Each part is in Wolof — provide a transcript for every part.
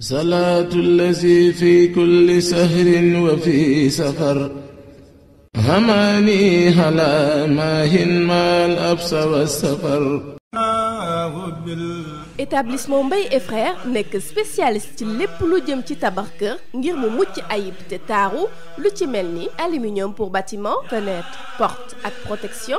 salaatu allazi fi kulli sahrin wa fi safar hamaani ala maahin maal absa wa safar établissement Mbaye et nekk spécialiste ci lépp lu jëm ci tabax kër ngir mu mucc ayib te taaru lu ci mel ni aluminium pour bâtiment fenêtre porte ak protection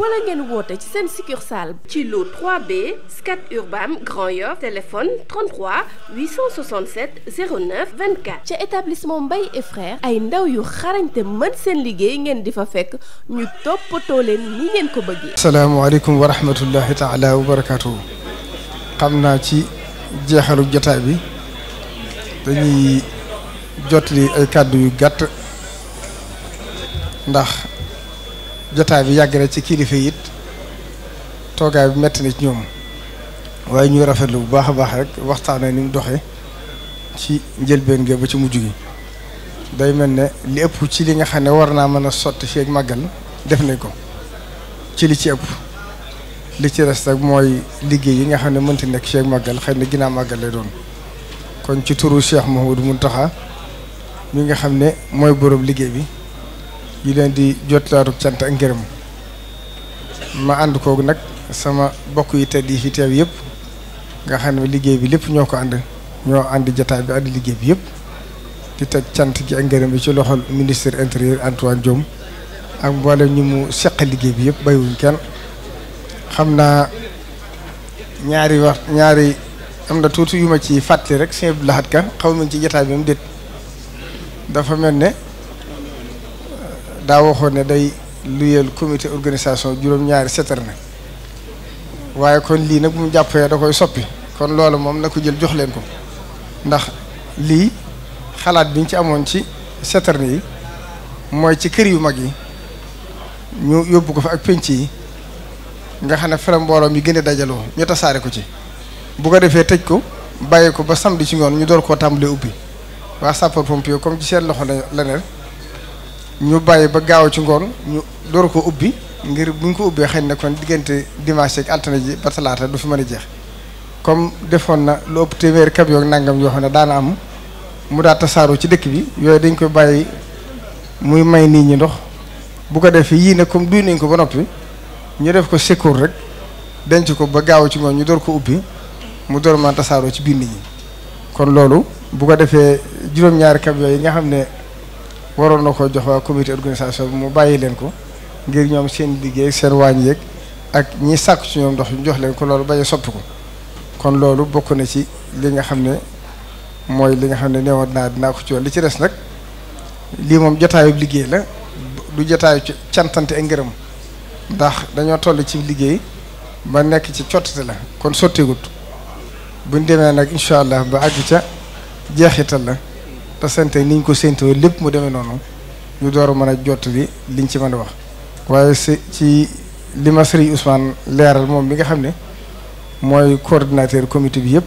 wala ngeen woote ci seen succursale ci lu 3B Scat Urbam Grand Yoff téléphone ca établissement Mbaye et ay ndaw yu xarañte mën seen liggéey ngeen di fa fekk ñu toppatoo leen ni ngeen ko bëggee asalaamaaleykum wa rahmatullahi taala wa xam naa ci jeexalu jotaay bi dañuy jotli ay kàddu yu gàtt ndax jotaay bi yàgg na ci kilifa yi it toogaay bi metti na ci ñoom waaye ñuy rafetlu bu baax a baax rek waxtaanee ni mu doxee ci njëlbeen ge ba ci mujj gi day mel ne li ëpp ci li nga xam ne war naa mën a sotti fii ak màggal def nañ ko ci li ci ëpp li ci res nag mooy liggéey yi nga xam ne mënti nekk fii màggal xëy na ginnaaw màggal lay doon kon ci turu Cheikh Mouhamadou Mountakha mi nga xam ne mooy borom liggéey bi. yi leen di jotlaaru cant ak ngërëm ma ànd kooku nag sama bokk yi tedd yi teew yëpp nga xam ne liggéey bi lépp ñoo ko ànd ñoo ànd jataay bi ànd liggéey bi yëpp di teg cant gi ak ngërëm bi ci loxol ministre intérieur Antoine Diome ak mboolem ñi mu seq liggéey bi yëpp bàyyiwuñ kenn xam naa ñaari wax ñaari am na tuuti yu ma ci fàttali rek sëñ Abdou Lahad Ka xaw ma ci jataay bi mu déet dafa mel ne daa waxoon ne day luyeel commité organisation juróom-ñaari citerne waaye kon lii nag bu mu jàppee da koy soppi kon loolu moom na ko jël jox leen ko ndax lii xalaat biñ ci amoon ci citerne yi mooy ci kër yu mag yi ñu yóbbu ko fa ak penc yi nga xam ne fere mbooloo mi gën a dajaloo ñu tasaare ko ci bu ko defee tëj ko bàyyi ko ba samedi ci ngoon ñu door koo tàmbalee ubbi waa sapeur pompier comme ci seen loxo la la ñu bàyyi ba gaaw ci ngoon ñu door ko ubbi ngir buñ ko ubbee xëy na kon diggante dimanche ak altine ji ba talaata du fi mën a jeex comme defoon na lu ëpp téeméer kab yoog nangam yoo xam ne daana mu daa tasaaroo ci dëkk bi yooyu dañ koy bàyyi muy may nii ñi ndox bu ko defee yii nag comme duy nañ ko ba noppi ñu def ko secours rek denc ko ba gaaw ci ngoon ñu door ko ubbi mu door man tasaaroo ci biir nit ñi kon loolu bu ko defee juróom-ñaari kab yi nga xam ne. waroon na ko jox waa comité organisation bi mu bàyyi leen ko ngir ñoom seen liggéey seen waañ yeeg ak ñi sàkk ci ñoom ndox ñu jox leen ko loolu bañ a soppi ko kon loolu bokk na ci li nga xam ne mooy li nga xam ne newoon naa dinaa ko ci woon li ci des nag lii moom jotaayu liggéey la du jotaayu cantante ak ngërëm ndax dañoo toll ci liggéey ba nekk ci cottite la kon sotteegut buñ demee nag incha allah ba àgg ca jeexital la. te sante ni ñu ko séntoo lépp mu demee noonu ñu door mën a jot li liñ ci mën a wax waaye si ci li ma sëriñ Ousmane leeral moom mi nga xam ne mooy coordinateur comité bi yëpp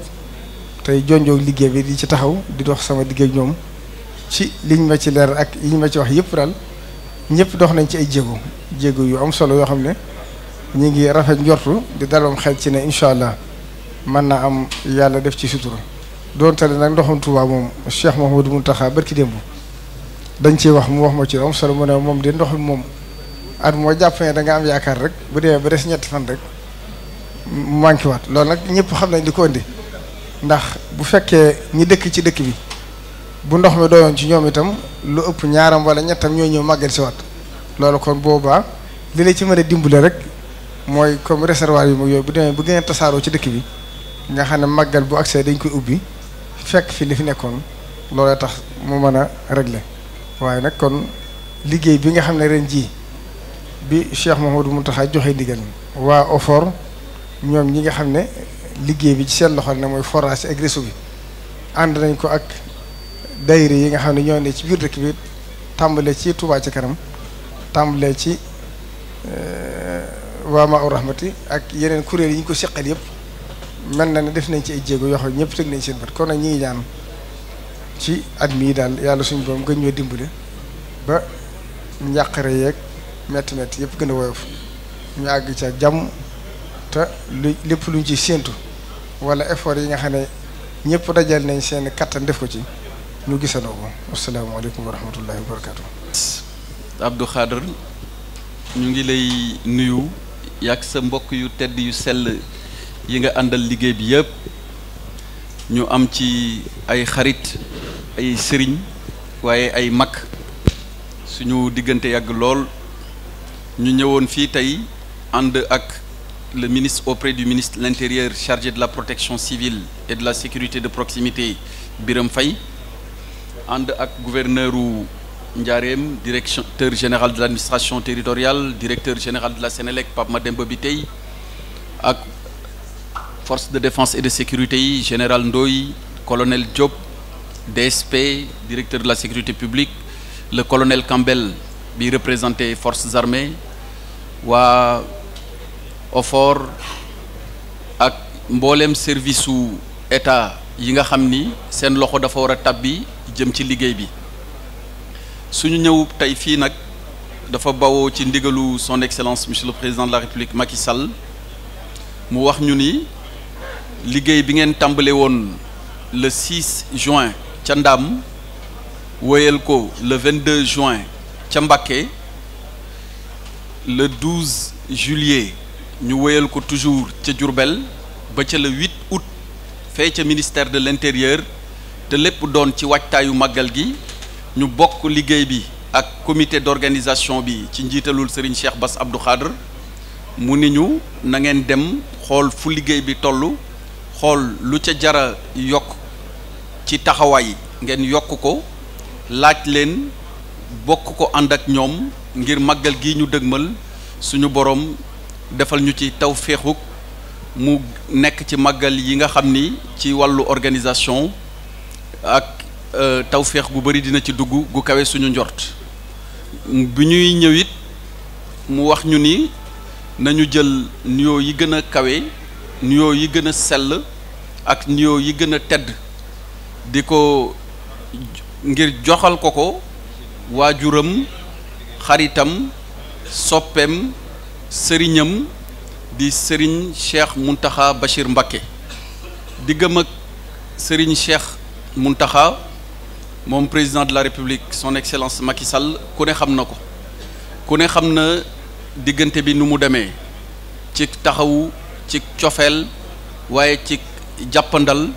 tey jonjoog liggéey bi di ci taxaw di dox sama liggéey ñoom ci liñ ma ci leeral ak liñ ma ci wax yëpp daal ñëpp dox nañ ci ay jéego jéego yu am solo yoo xam ne ñu ngi rafet njortu di dalom xel ci ne incha allah mën naa am yàlla def ci sutura doonte ne nag ndoxam Touba moom Cheikh taxaa Mountakha barki démb dañ ciy wax mu wax ma ci am solo mu ne moom de ndox mi moom at moo jàpp danga am yaakaar rek bu demee ba des ñetti fan rek manqué waat loolu nag ñëpp xam nañ di ko indi ndax bu fekkee ñi dëkk ci dëkk bi bu ndox mi doyoon ci ñoom itam lu ëpp ñaaram wala ñettam ñoo ñëw màggal si waat loolu kon boobaa li la ci mën a dimbale rek mooy comme réservoir yi moom yooyu bu demee bu gën tasaaroo ci dëkk bi nga xam ne màggal bu accès dañ koy ubbi. fekk fi li fi nekkoon loolee tax mu mën a régler waaye nag kon liggéey bi nga xam ne ren jii bi Cheikh Mouhamadou Mountakha joxe ndigal waa OFOR ñoom ñi nga xam ne liggéey bi ci seen loxo ne mooy forage ak réseau bi ànd nañ ko ak dayre yi nga xam ne ñoo ne ci biir dëkk bi tàmbalee ci Touba ci kanam tàmbalee ci euh, waa Maa-u Rahmati ak yeneen kuréel yi ñu ko seqal yëpp. mel na ne def nañ ci ay jéego yoo xam ñëpp teg nañ seen bët kon a ñu ngi ñaan ci at mii daal yàlla suñ borom gën ñoo dimbale ba njàqare yeeg metti metti yëpp gën a woyof ñu àgg ca jàmm te lu lépp luñ ci séentu wala effort yi nga xam ne ñëpp dajal nañ seen kattan def ko ci ñu gisandoo ko asalaamaaleykum wa rahmatullahi wa barakaatu. Abdou Khadre ñu ngi lay nuyu yàgg sa mbokk yu tedd yu sell. yi nga àndal liggéey bi yëpp ñu am ci ay xarit ay sëriñ waaye ay mag suñu diggante yàgg lool ñu ñëwoon fii tey ànd ak le ministre auprès du ministre de l'Intérieur chargé de la protection civile et de la sécurité de proximité biram Faye ànd ak gouverneur u Njaareem directeur général de l'administration territoriale directeur général de la Sénélec Pape Mademba Bitèye ak forces de défense et de sécurité yi général Ndoye colonel Diop DSP directeur de la sécurité publique le colonel Campbell bi représenté force armées waa OFOR ak mbooleem service su état yi nga xam ni seen loxo dafa war a tàbbi jëm ci liggéey bi suñu ñëw tey fii nag dafa bawoo ci ndigalu son excellence monsieur le président de la république Macky Sall mu wax ñu ni liggéey bi ngeen tàmbale woon le 6 juin ca Ndam woyal ko le 22 juin ca Mbacké le 12 juillet ñu woyal ko toujours ca Diourbel ba ca le 8 août fee ca ministère de l'intérieur te lépp doon ci waajtaayu màggal gi ñu bokk liggéey bi ak comité d'organisation bi ci njiitalul Serigne Cheikh Bass Abdou Khadre mu ni ñu na ngeen dem xool fu liggéey bi tollu xool lu ca jara yokk ci taxawaay ngeen yokk ko laaj leen bokk ko ànd ak ñoom ngir màggal gi ñu dëgmal suñu borom defal ñu ci taw mu nekk ci màggal yi nga xam ni ci wàllu organisation ak euh, taw féex gu bëri dina ci dugg gu kawe suñu njort bi ñuy ñëw mu wax ñu ni nañu jël nuyoo yi gën a kawe nuyoo yi gën a sell ak nuyoo yi gën a tedd di ko ngir joxal ko ko waajuram xaritam soppeem sëriñam di sëriñ Cheikh Mountakha Bachir Mbacké diggam ak sëriñ Cheikh Mountakha moom président de la République son excellence Macky Sall ku ne xam na ko ku ne xam na diggante bi nu mu demee ci taxawu ci cofeel waaye ci jàppandal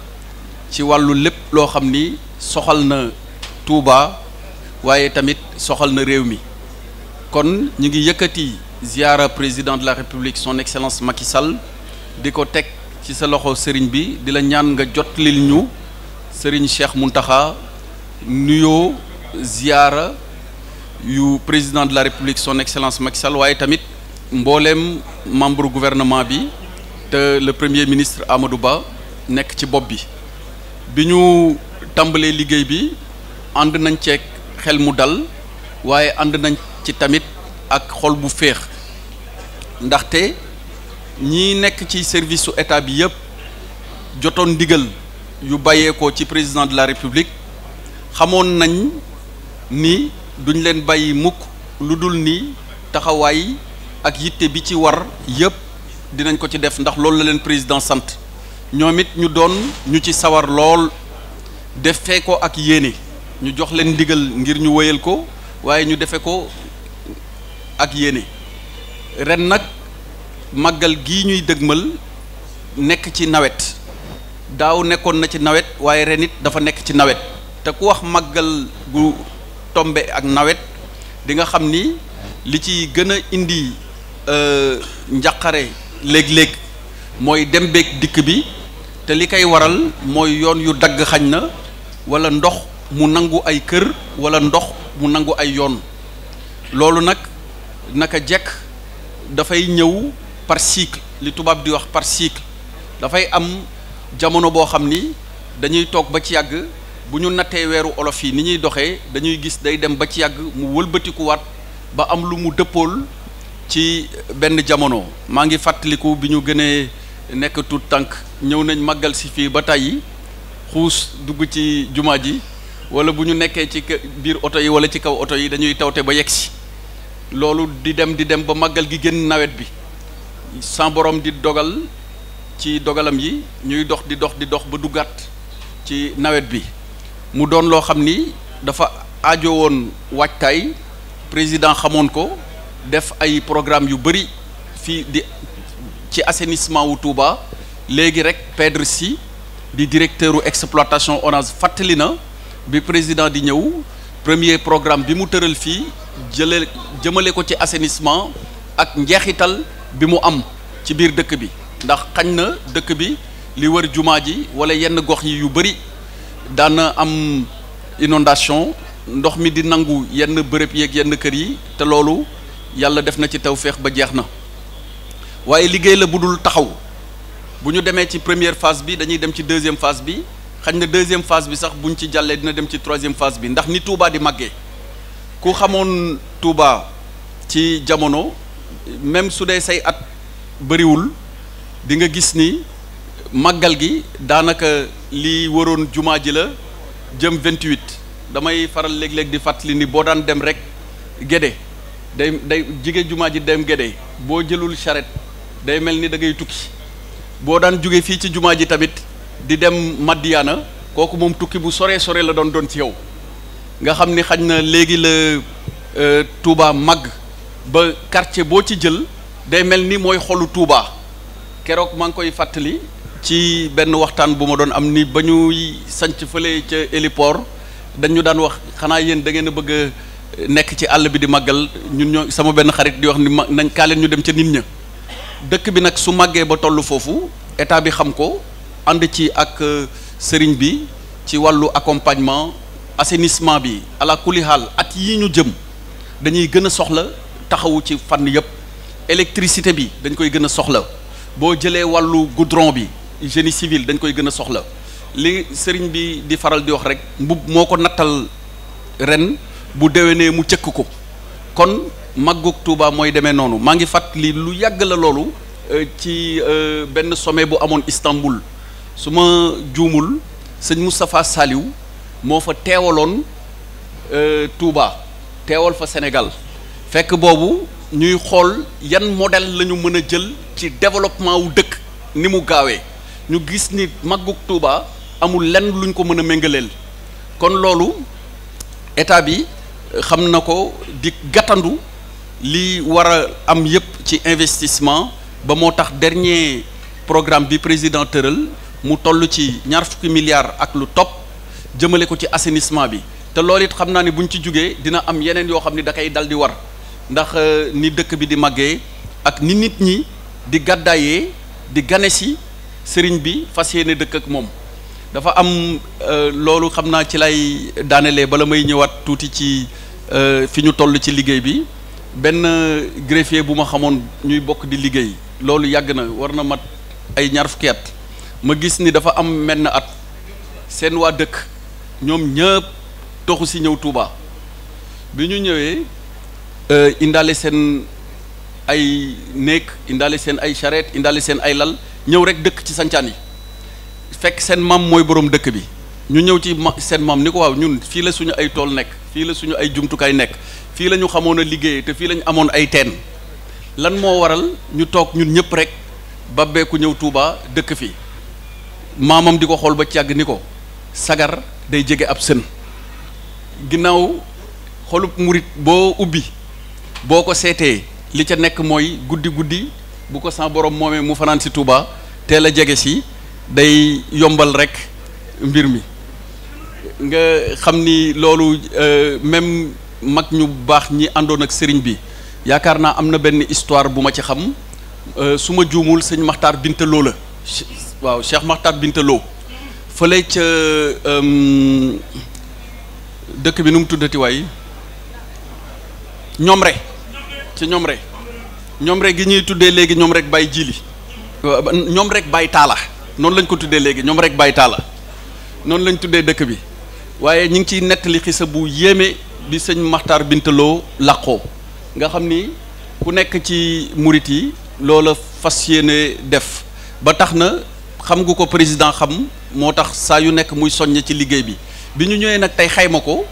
ci wàllu lépp loo xam ni soxal na Touba waaye tamit soxal na réew mi kon ñu ngi yëkkati ziara président de la république son excellence Macky Sall di ko teg ci sa loxo sëriñ bi di la ñaan nga jotlil ñu sëriñ Cheikh Mountakha nuyoo ziara yu président de la république son excellence Macky Sall waaye tamit mbooleem membre gouvernement bi te le premier ministre Amadou Ba nekk ci bopp bi bi ñu tàmbalee liggéey bi ànd nañ ceeg xel mu dal waaye ànd nañ ci tamit ak xol bu féex ndaxte ñi nekk ci service su état bi yëpp jotoon ndigal yu bàyyeekoo ci président de la république xamoon nañ ni duñ leen bàyyi mukk lu dul ni taxawaay ak yitte bi ci war yëpp dinañ ko ci def ndax loolu la leen président sant ñoom it ñu doon ñu ci sawar lool defee ko ak yéene ñu jox leen ndigal ngir ñu wéyal ko waaye ñu defe ko ak yéene ren nag màggal gi ñuy dëgmal nekk ci nawet daaw nekkoon na ci nawet waaye ren it dafa nekk ci nawet te ku wax màggal gu tombe ak nawet dinga xam ni li ci gën a indi euh, njaqare léeg-léeg mooy dem beeg dikk bi te li koy waral mooy yoon yu dagg xañ na walla ndox mu nangu ay kër walla ndox mu nangu ay yoon loolu nag naka jekk dafay ñëw par li tubaab di wax par cycle dafay am jamono boo xam ni dañuy toog ba ci yàgg bu ñu nattee weeru olof yi ni ñuy doxee dañuy gis day dem ba ci yàgg mu wëlbatikuwaat ba am lu mu dëppool ci benn jamono maa ngi fàttaliku bi ñu gënee nekk tuut tànk ñëw nañ màggal si fii ba tàyyi xuus dugg ci jumaa ji wala bu ñu nekkee ci biir oto yi wala ci kaw oto yi dañuy tawte ba yegg si loolu di dem di dem ba màggal gi génn nawet bi sans borom di dogal ci dogalam yi ñuy dox di dox di dox ba duggaat ci nawet bi mu doon loo xam ni dafa aajo woon waajtaay président xamoon ko def ay programme yu bëri fii di ci assainissement wu Touba léegi rek Pedre si di directeur u exploitation ONAS fàttali na bi président di ñëw premier programme bi mu tëral fii jële jëmale ko ci assainissement ak njeexital bi mu am ci biir dëkk bi ndax xañ na dëkk bi li wër jumaa ji wala yenn gox yi yu bëri daana am inondation ndox mi di nangu yenn bërëb yeeg yenn kër yi te loolu yàlla def na ci féex ba jeex na waaye liggéey la bu dul taxaw bu ñu demee ci première phase bi dañuy dem ci deuxième phase bi xañ na deuxième phase bi sax buñ ci jàllee dina dem ci troisième fas bi ndax ni Touba di màggee ku xamoon Touba ci jamono même su dee say at bëriwul di nga gis ni màggal gi daanaka li waroon jumaa ji la jëm 28 damay faral léeg-léeg di fàttali ni boo daan dem rek Gédé day day jigéen jumaa ji dem Gédé boo jëlul charrette day mel ni da ngay tukki boo daan jóge fii ci jumaa ji tamit di dem Madiana kooku moom tukki bu sore sore la doon doon ci yow nga xam ni xaj na léegi la euh, Touba màgg ba quartier boo ci jël day mel ni mooy xolu Touba keroog maa ngi koy fàttali ci benn waxtaan bu ma doon am ni ba ñuy sanc fële ca héliport dañu daan wax xanaa yéen da ngeen a bëgg nekk ci àll bi di màggal ñun ñoo sama benn xarit di wax ni ma nañ kaa leen ñu dem ca nit ña dëkk bi nag su màggee ba toll foofu état bi xam ko ànd ci ak euh, sëriñ bi ci wàllu accompagnement assainissement bi ala at yi ñu jëm dañuy gën a soxla taxawu ci fànn yëpp électricité bi dañ koy gën a soxla boo jëlee wàllu goudron bi génie civil dañ koy gën a soxla li sëriñ bi di faral di wax rek mbubb moo ko nattal ren bu déwénee mu cëkk ko kon màggug Touba mooy demee noonu maa ngi fàttali lu yàgg la loolu euh, ci euh, benn sommet bu amoon Istanbul su ma juumul sëñ Moustapha Saliou moo fa teewaloon euh, Touba teewal fa Sénégal fekk boobu ñuy xool yan modèle la ñu mën a jël ci développement wu dëkk ni mu gaawee ñu gis ni màggug Touba amul lenn luñ ko mën a méngaleel kon loolu état bi xam na ko di gàttandu li war a am yépp ci investissement ba moo tax dernier programme bi président tëral mu toll ci ñaar fukki milliards ak lu topp jëmale ko ci assainissement bi te loolu it xam naa ne bu ñu ci jógee dina am yeneen yoo xam ni da koy dal di war ndax euh, ni dëkk bi di màggee ak ni nit ñi di gàddaayee di gane si sëriñ bi fas yéene dëkk ak moom dafa am euh, loolu xam naa ci lay daanelee bala may ñëwaat tuuti ci euh, fi ñu toll ci liggéey bi benn greffier bu ma xamoon ñuy bokk di liggéey loolu yàgg na war na mat ay ñaar at ma gis ni dafa am menn at seen waa dëkk ñoom ñëpp toxu si ñëw Touba bi ñu ñëwee euh, indaale seen ay néeg indaale seen ay charrette indaale seen ay lal ñëw rek dëkk ci sancaan yi fekk seen maam mooy boroom dëkk bi ñu ñëw ci seen maam ni ko waaw ñun fii la suñu ay tool nekk fii la suñu ay jumtukaay nekk fii la ñu xamoon a liggéey te fii lañu amoon ay teen lan moo waral ñu toog ñun ñëpp rek ba beeku ñëw Touba dëkk fi maamam di ko xool ba càgg ni ko sagar day jege ab sën ginnaaw xolub murit boo ubbi boo ko seetee li ca nekk mooy guddi guddi bu ko sa borom moomee mu fanaan si Touba teel a jege si day yombal rek mbir mi nga xam ni loolu euh, même mag ñu baax ñi àndoon ak sëriñ bi yaakaar naa am na benn histoire bu ma ci xam euh, su ma juumul sëñ Maxtaar bintaloo la waaw Cheikh Maxtaar Binta Lo fële ca euh, dëkk bi nu mu tuddati waay ñoom rek ci ñoom re ñoom rek gi ñuy tuddee léegi ñoom rek bàyyi jili ñoom rek bàyyi taala noonu lañ ko tuddee léegi ñoom rek bàyyi taala noonu lañ tuddee dëkk bi waaye ñu ngi ciy nettali xisa bu yéeme bi sëñ maxtar Bintaloo làqoo nga xam ni ku nekk ci murit yi loola fas yéene def ba tax na xam nga ko président xam moo tax saa yu nekk muy sonne ci liggéey bi bi ñu ñëwee nag tey xayma ko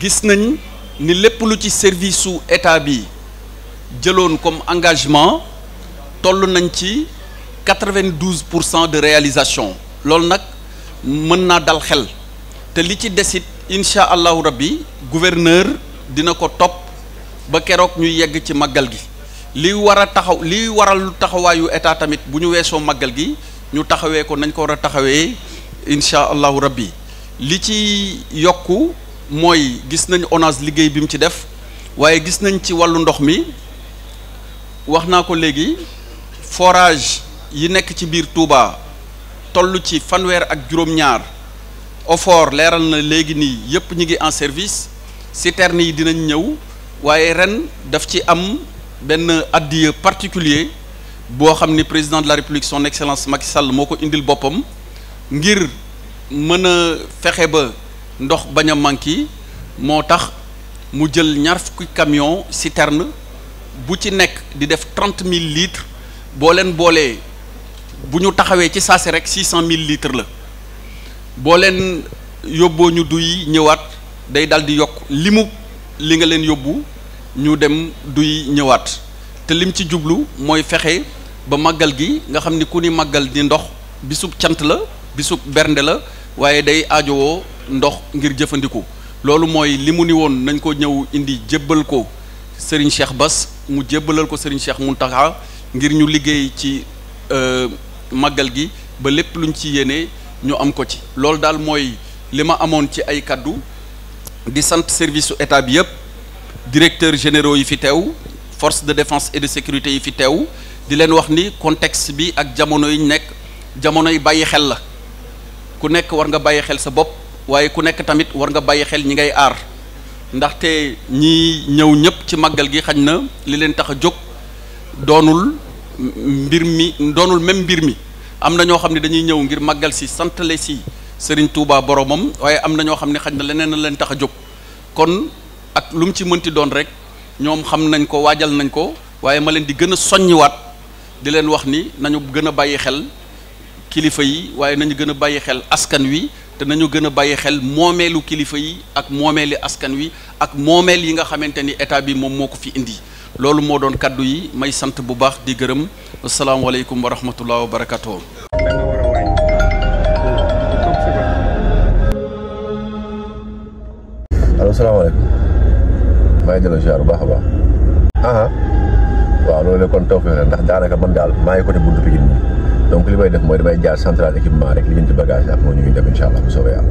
gis nañ ni lépp lu ci service su état bi jëloon comme engagement toll nañ ci quatre vingt pour cent de réalisation loolu nag mën naa dal xel te li ci desit incha allahu rabbi gouverneur dina ko topp ba keroog ñu yegg ci màggal gi li war taxaw li waral taxawaayu état tamit bu ñu weesoo màggal gi ñu taxawee ko nañ ko war a taxawee incha allahu rabbi li ci yokku mooy gis nañ ONAS liggéey bi mu ci def waaye gis nañ ci wàllu ndox mi wax naa ko léegi forage yi nekk ci biir Touba toll ci fanweer ak juróom-ñaar OFOR leeral na léegi nii yëpp ñu ngi en service citernes yi dinañ ñëw waaye ren daf ci am benn addiya particulier boo xam ni président de la république son excellence Macky Sall moo ko indil boppam ngir mën a fexe ba ndox bañ a manqué moo tax mu jël ñaar fukki camion citerne bu ci nekk di def trente mille litres boo leen boolee bu ñu taxawee ci saa rek six cent mille litres la boo leen yóbboo ñu duy ñëwaat day dal di yokk limu li nga leen yóbbu ñu dem duy ñëwaat te lim ci jublu mooy fexe ba màggal gi nga xam ni ku ni màggal di ndox bisub cant la bisub bernde la waaye day aajowoo ndox ngir jëfandikoo loolu mooy li mu ni woon nañ ko ñëw indi jébbal ko Serigne Cheikh Bass mu jébbalal ko Serigne Cheikh Mountakha ngir ñu liggéey ci euh, màggal gi ba lépp luñ ci yéene. ñu am ko ci loolu daal mooy li ma amoon ci ay kàddu di sant service su état bi yëpp directeurs généraux yi fi teew force de défense et de sécurité yi fi tew di leen wax ni contexte bi ak jamono yi ñu nekk jamono yi bàyyi xel la ku nekk war nga bàyyi xel sa bopp waaye ku nekk tamit war nga bàyyi xel ñi ngay aar ndaxte ñi ñëw ñëpp ci màggal gi xañ na li leen tax a jóg doonul mbir mi doonul même mbir mi am na ñoo xam ne dañuy ñëw ngir màggal si santale si Serigne Touba boromam waaye am na ñoo xam ne xaj na leneen leen tax a jóg kon ak lu mu ci mënti doon rek ñoom xam nañ ko waajal nañ ko waaye ma leen di gën a soññiwaat di leen wax ni nañu gën a bàyyi xel kilifa yi waaye nañu gën a bàyyi xel askan wi te nañu gën a bàyyi xel moomeelu kilifa yi ak moomeeli askan wi ak moomeel yi nga xamante ni état bi moom moo ko fi indi. loolu moo doon kaddu yi may sant bu baax di gërëm asalaamualeykum wa rahmatullah wa barakatuh waaw salaamaaleykum maa ngi delloo ziar bu baax a baax ah waaw loolu kon taw fexe ndax daanaka man daal maa ngi côté buntu Pikine bi donc li may def mooy damay jaar central équipement rek li ngeen ci bagage ak moo ñu ngi dem incha allah bu soobee yàlla.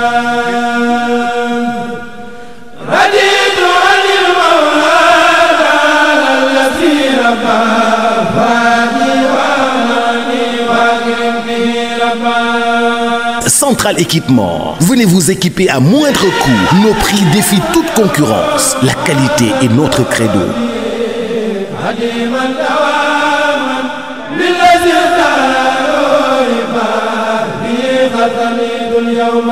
Centrale Équipement. Venez vous équiper à moindre coût. Nos prix défient toute concurrence. La qualité est notre credo. اليوم